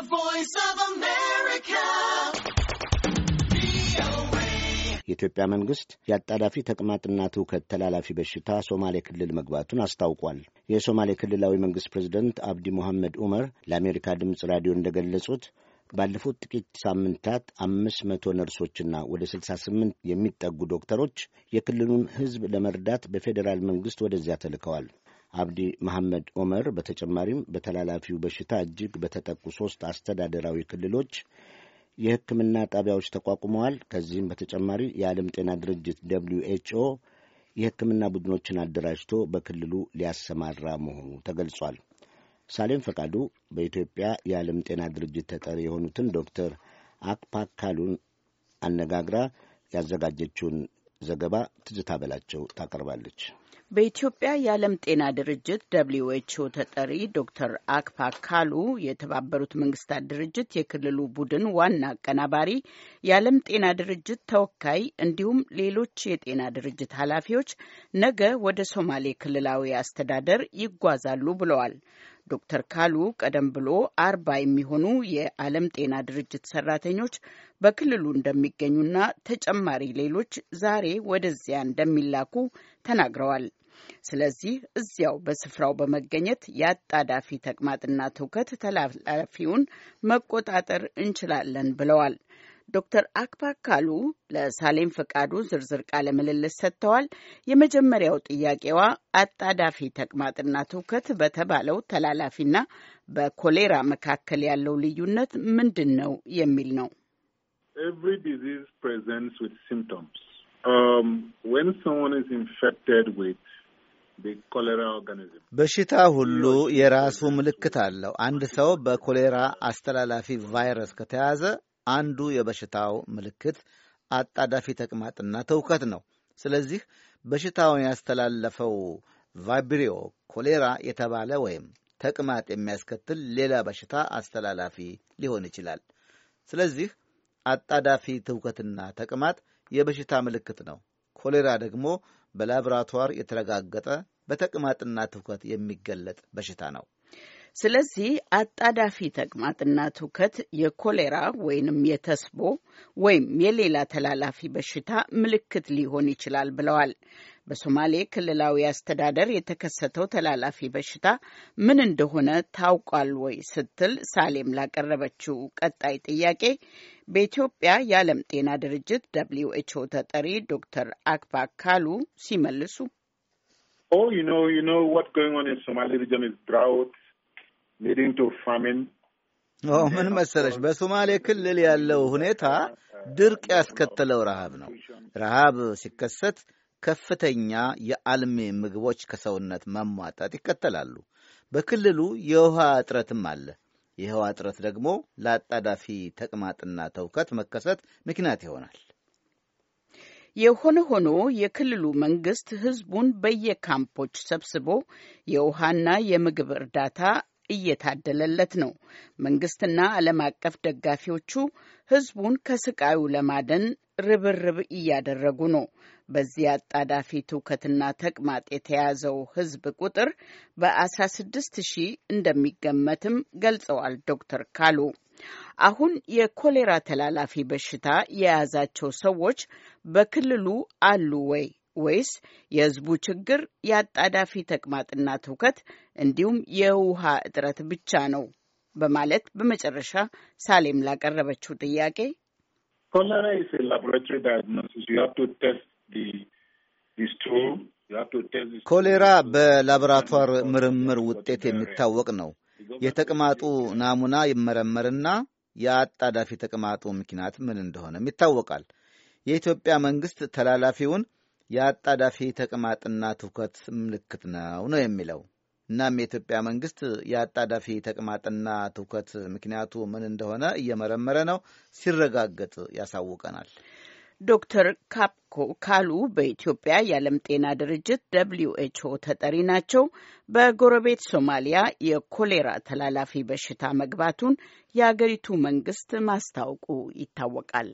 The Voice of America. የኢትዮጵያ መንግስት የአጣዳፊ ተቅማጥና ትውከት ተላላፊ በሽታ ሶማሌ ክልል መግባቱን አስታውቋል። የሶማሌ ክልላዊ መንግስት ፕሬዚደንት አብዲ ሙሐመድ ዑመር ለአሜሪካ ድምፅ ራዲዮ እንደገለጹት ባለፉት ጥቂት ሳምንታት አምስት መቶ ነርሶችና ወደ ስልሳ ስምንት የሚጠጉ ዶክተሮች የክልሉን ህዝብ ለመርዳት በፌዴራል መንግስት ወደዚያ ተልከዋል። አብዲ መሐመድ ኦመር በተጨማሪም በተላላፊው በሽታ እጅግ በተጠቁ ሶስት አስተዳደራዊ ክልሎች የሕክምና ጣቢያዎች ተቋቁመዋል። ከዚህም በተጨማሪ የዓለም ጤና ድርጅት ደብሊው ኤችኦ የሕክምና ቡድኖችን አደራጅቶ በክልሉ ሊያሰማራ መሆኑ ተገልጿል። ሳሌም ፈቃዱ በኢትዮጵያ የዓለም ጤና ድርጅት ተጠሪ የሆኑትን ዶክተር አክፓካሉን አነጋግራ ያዘጋጀችውን ዘገባ ትዝታ በላቸው ታቀርባለች። በኢትዮጵያ የዓለም ጤና ድርጅት ደብሊዩ ኤችኦ ተጠሪ ዶክተር አክፓ ካሉ የተባበሩት መንግስታት ድርጅት የክልሉ ቡድን ዋና አቀናባሪ፣ የዓለም ጤና ድርጅት ተወካይ እንዲሁም ሌሎች የጤና ድርጅት ኃላፊዎች ነገ ወደ ሶማሌ ክልላዊ አስተዳደር ይጓዛሉ ብለዋል። ዶክተር ካሉ ቀደም ብሎ አርባ የሚሆኑ የዓለም ጤና ድርጅት ሰራተኞች በክልሉ እንደሚገኙና ተጨማሪ ሌሎች ዛሬ ወደዚያ እንደሚላኩ ተናግረዋል። ስለዚህ እዚያው በስፍራው በመገኘት የአጣዳፊ ተቅማጥና ትውከት ተላላፊውን መቆጣጠር እንችላለን ብለዋል። ዶክተር አክባ ካሉ ለሳሌም ፈቃዱ ዝርዝር ቃለ ምልልስ ሰጥተዋል። የመጀመሪያው ጥያቄዋ አጣዳፊ ተቅማጥና ትውከት በተባለው ተላላፊና በኮሌራ መካከል ያለው ልዩነት ምንድን ነው የሚል ነው። Every disease presents with symptoms. Um, when someone is infected with በሽታ ሁሉ የራሱ ምልክት አለው። አንድ ሰው በኮሌራ አስተላላፊ ቫይረስ ከተያዘ አንዱ የበሽታው ምልክት አጣዳፊ ተቅማጥና ትውከት ነው። ስለዚህ በሽታውን ያስተላለፈው ቫይብሪዮ ኮሌራ የተባለ ወይም ተቅማጥ የሚያስከትል ሌላ በሽታ አስተላላፊ ሊሆን ይችላል። ስለዚህ አጣዳፊ ትውከትና ተቅማጥ የበሽታ ምልክት ነው። ኮሌራ ደግሞ በላብራቶር የተረጋገጠ በተቅማጥና ትውከት የሚገለጥ በሽታ ነው። ስለዚህ አጣዳፊ ተቅማጥና ትውከት የኮሌራ ወይንም የተስቦ ወይም የሌላ ተላላፊ በሽታ ምልክት ሊሆን ይችላል ብለዋል። በሶማሌ ክልላዊ አስተዳደር የተከሰተው ተላላፊ በሽታ ምን እንደሆነ ታውቋል ወይ ስትል ሳሌም ላቀረበችው ቀጣይ ጥያቄ በኢትዮጵያ የዓለም ጤና ድርጅት ደብልዩ ኤች ኦ ተጠሪ ዶክተር አክባ ካሉ ሲመልሱ ኦ ዩ ዩ ዋት ጎይንግ ኦን ሶማሌ ሪጅን ድራውት ሊዲንግ ቱ ፋሚን ምን መሰለሽ፣ በሶማሌ ክልል ያለው ሁኔታ ድርቅ ያስከተለው ረሃብ ነው። ረሃብ ሲከሰት ከፍተኛ የአልሚ ምግቦች ከሰውነት መሟጠጥ ይከተላሉ። በክልሉ የውሃ እጥረትም አለ። የውሃ እጥረት ደግሞ ለአጣዳፊ ተቅማጥና ተውከት መከሰት ምክንያት ይሆናል። የሆነ ሆኖ የክልሉ መንግስት ህዝቡን በየካምፖች ሰብስቦ የውሃና የምግብ እርዳታ እየታደለለት ነው። መንግስትና ዓለም አቀፍ ደጋፊዎቹ ህዝቡን ከስቃዩ ለማደን ርብርብ እያደረጉ ነው። በዚህ አጣዳፊ ትውከትና ተቅማጥ የተያዘው ህዝብ ቁጥር በ16 ሺህ እንደሚገመትም ገልጸዋል ዶክተር ካሉ። አሁን የኮሌራ ተላላፊ በሽታ የያዛቸው ሰዎች በክልሉ አሉ ወይ ወይስ የህዝቡ ችግር የአጣዳፊ ተቅማጥና ትውከት እንዲሁም የውሃ እጥረት ብቻ ነው? በማለት በመጨረሻ ሳሌም ላቀረበችው ጥያቄ ኮሌራ በላቦራቷር ምርምር ውጤት የሚታወቅ ነው። የተቅማጡ ናሙና ይመረመርና የአጣዳፊ ተቅማጡ ምክንያት ምን እንደሆነም ይታወቃል። የኢትዮጵያ መንግስት ተላላፊውን የአጣዳፊ ተቅማጥና ትውከት ምልክት ነው ነው የሚለው። እናም የኢትዮጵያ መንግስት የአጣዳፊ ተቅማጥና ትውከት ምክንያቱ ምን እንደሆነ እየመረመረ ነው። ሲረጋገጥ ያሳውቀናል። ዶክተር ካፕኮ ካሉ በኢትዮጵያ የዓለም ጤና ድርጅት ደብሊዩ ኤችኦ ተጠሪ ናቸው። በጎረቤት ሶማሊያ የኮሌራ ተላላፊ በሽታ መግባቱን የአገሪቱ መንግስት ማስታወቁ ይታወቃል።